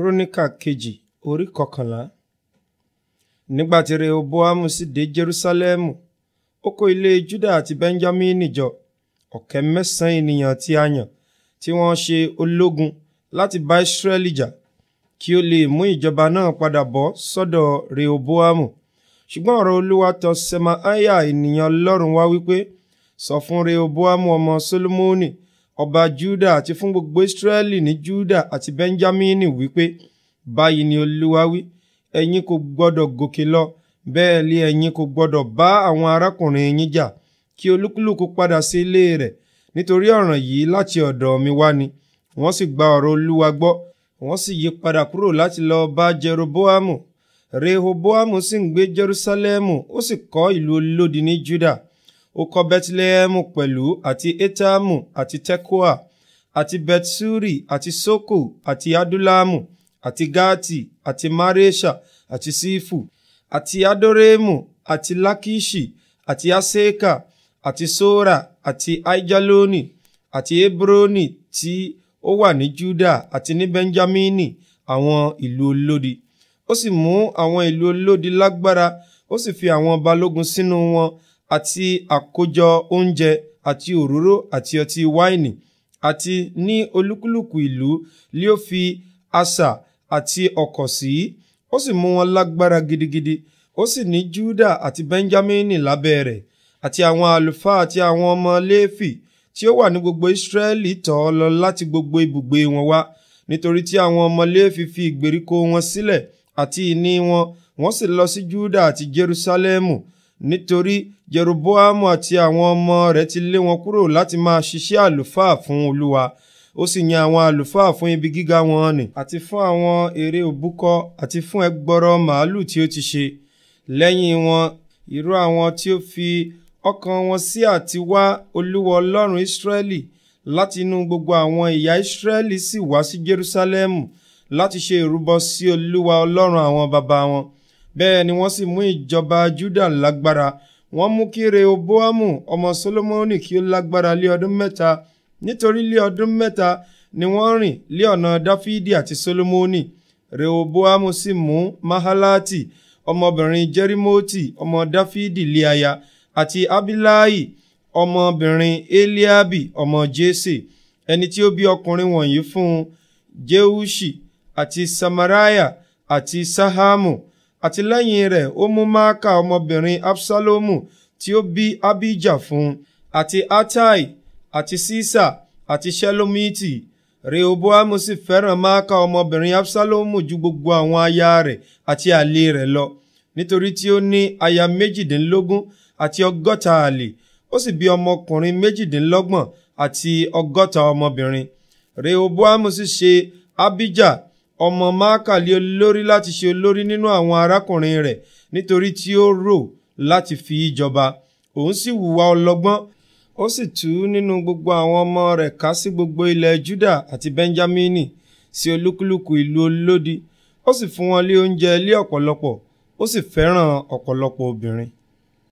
kírónìkà kejì orí kọkànlá nígbàtí rehoboamu sì dé jerusalemu ó kó ilé juda àti Benjamin jọ ọ̀kẹ́ mẹ́sàn-án ènìyàn tí a yàn tí wọ́n ṣe ológun láti bá israẹli jà kí ó lè mú ìjọba náà padà bọ́ sọ́dọ̀ rehoboamu ṣùgbọ́n ọ̀rọ̀ olúwa tọ̀ semaiah ènìyàn ọlọ́run wá wípé sọ fún rehoboamu ọmọ solomoni ọba Júdà àti fún gbogbo Ísírẹ́lì ní Júdà àti Bẹ́ńjámínì wípé báyìí ni Olúwa wí ẹ̀yin kò gbọ́dọ̀ gòkè lọ bẹ́ẹ̀ lé ẹ̀yin kò gbọ́dọ̀ bá àwọn arákùnrin yín jà kí olúkúlùkù padà sí ilé rẹ̀ nítorí ọ̀ràn yìí láti ọ̀dọ̀ mi wá ni wọ́n sì gba ọ̀rọ̀ Olúwa gbọ́ wọ́n sì yí padà kúrò láti lọ bá Jeroboamu Rehoboamu sì ń gbé Jerusalemu ó sì kọ́ ìlú olódi ní Juda ó kọ́ bẹ́tílẹ́hẹ́mù pẹ̀lú àti étàmù àti tẹ́kọ́à àti bẹ́tsúrì àti sókò àti adúlámù àti gáàtì àti máréṣà àti sífù àti adórémù àti lákíṣì àti aséka àti sóra àti aijalóni àti ebroni tí ó wà ní juda àti ní benjamini àwọn ìlú olódi ó sì mú àwọn ìlú olódi lágbára ó sì fi àwọn balógun sínú wọn àti àkójọ oúnjẹ àti òróró àti ọtí wáìnì àti ní olúkúlùkù ìlú li ó fi asà àti ọ̀kọ̀ sí ó sì mú wọn lágbára gidigidi ó sì ní Júdà àti Bẹ́ńjámínì lábẹ́ rẹ̀ àti àwọn àlùfáà àti àwọn ọmọ Léfì tí ó wà ní gbogbo Ísírẹ́lì tọ̀ ọ́ lọ láti gbogbo ibùgbé wọn wá nítorí tí àwọn ọmọ Léfì fi ìgbèríko wọn sílẹ̀ àti ìní wọn wọ́n sì lọ sí Júdà àti Jerúsálẹ́mù nítorí jeroboamu àti àwọn ọmọ rẹ̀ ti lé wọn kúrò láti máa ṣiṣẹ́ àlùfáà fún olúwa ó sì yan àwọn àlùfáà fún ibi gíga wọn nì àti fún àwọn ère òbúkọ àti fún ẹgbọrọ màálù tí ó ti ṣe lẹ́yìn wọn irú àwọn tí ó fi ọkàn wọn sí àti wá olúwa ọlọ́run ìsírẹ́lì láti inú gbogbo àwọn ìyá ìsírẹ́lì sì wá sí jerusalemu láti ṣe ìrúbọ sí olúwa ọlọ́run àwọn baba wọn bẹ́ẹ̀ ni wọ́n sì mú ìjọba Júdà lágbára wọ́n mú kí Rehoboamu ọmọ Solomoni kí ó lágbára lé ọdún mẹ́ta nítorí lé ọdún mẹ́ta ni wọ́n rìn lé ọ̀nà Dáfídì àti Solomoni Rehoboamu sì mú Mahalati ọmọbìnrin Jerimoti ọmọ Dáfídì lé aya àti Abilayi ọmọbìnrin Eliabi ọmọ Jese ẹni tí ó bí ọkùnrin wọ̀nyí fún Jeushi àti Samaraya àti Sahamu àti lẹ́yìn rẹ̀ ó mú maaka ọmọbìnrin absalomu tí ó bí abijah fún àti atai àti sisa àti shelomiti rehoboamu sì fẹ́ràn maaka ọmọbìnrin absalomu ju gbogbo àwọn aya rẹ̀ àti àlè rẹ̀ lọ nítorí tí ó ní aya méjìdínlógún àti ọgọ́ta àlè ó sì bí ọmọkùnrin méjìdínlọ́gbọ̀n àti ọgọ́ta ọmọbìnrin rehoboamu sì ṣe abijah ọmọ máàkà lé olórí láti ṣe olórí nínú àwọn arákùnrin rẹ̀ nítorí tí ó rò láti fi jọba òun sì hùwà ọlọ́gbọ́n ó sì tú nínú gbogbo àwọn ọmọ rẹ̀ ká sí gbogbo ilẹ̀ Júdà àti Bẹ́ńjámínì sí olúkúlùkù ìlú olódi ó sì fún wọn lé oúnjẹ ilé ọ̀pọ̀lọpọ̀ ó sì fẹ́ràn ọ̀pọ̀lọpọ̀ obìnrin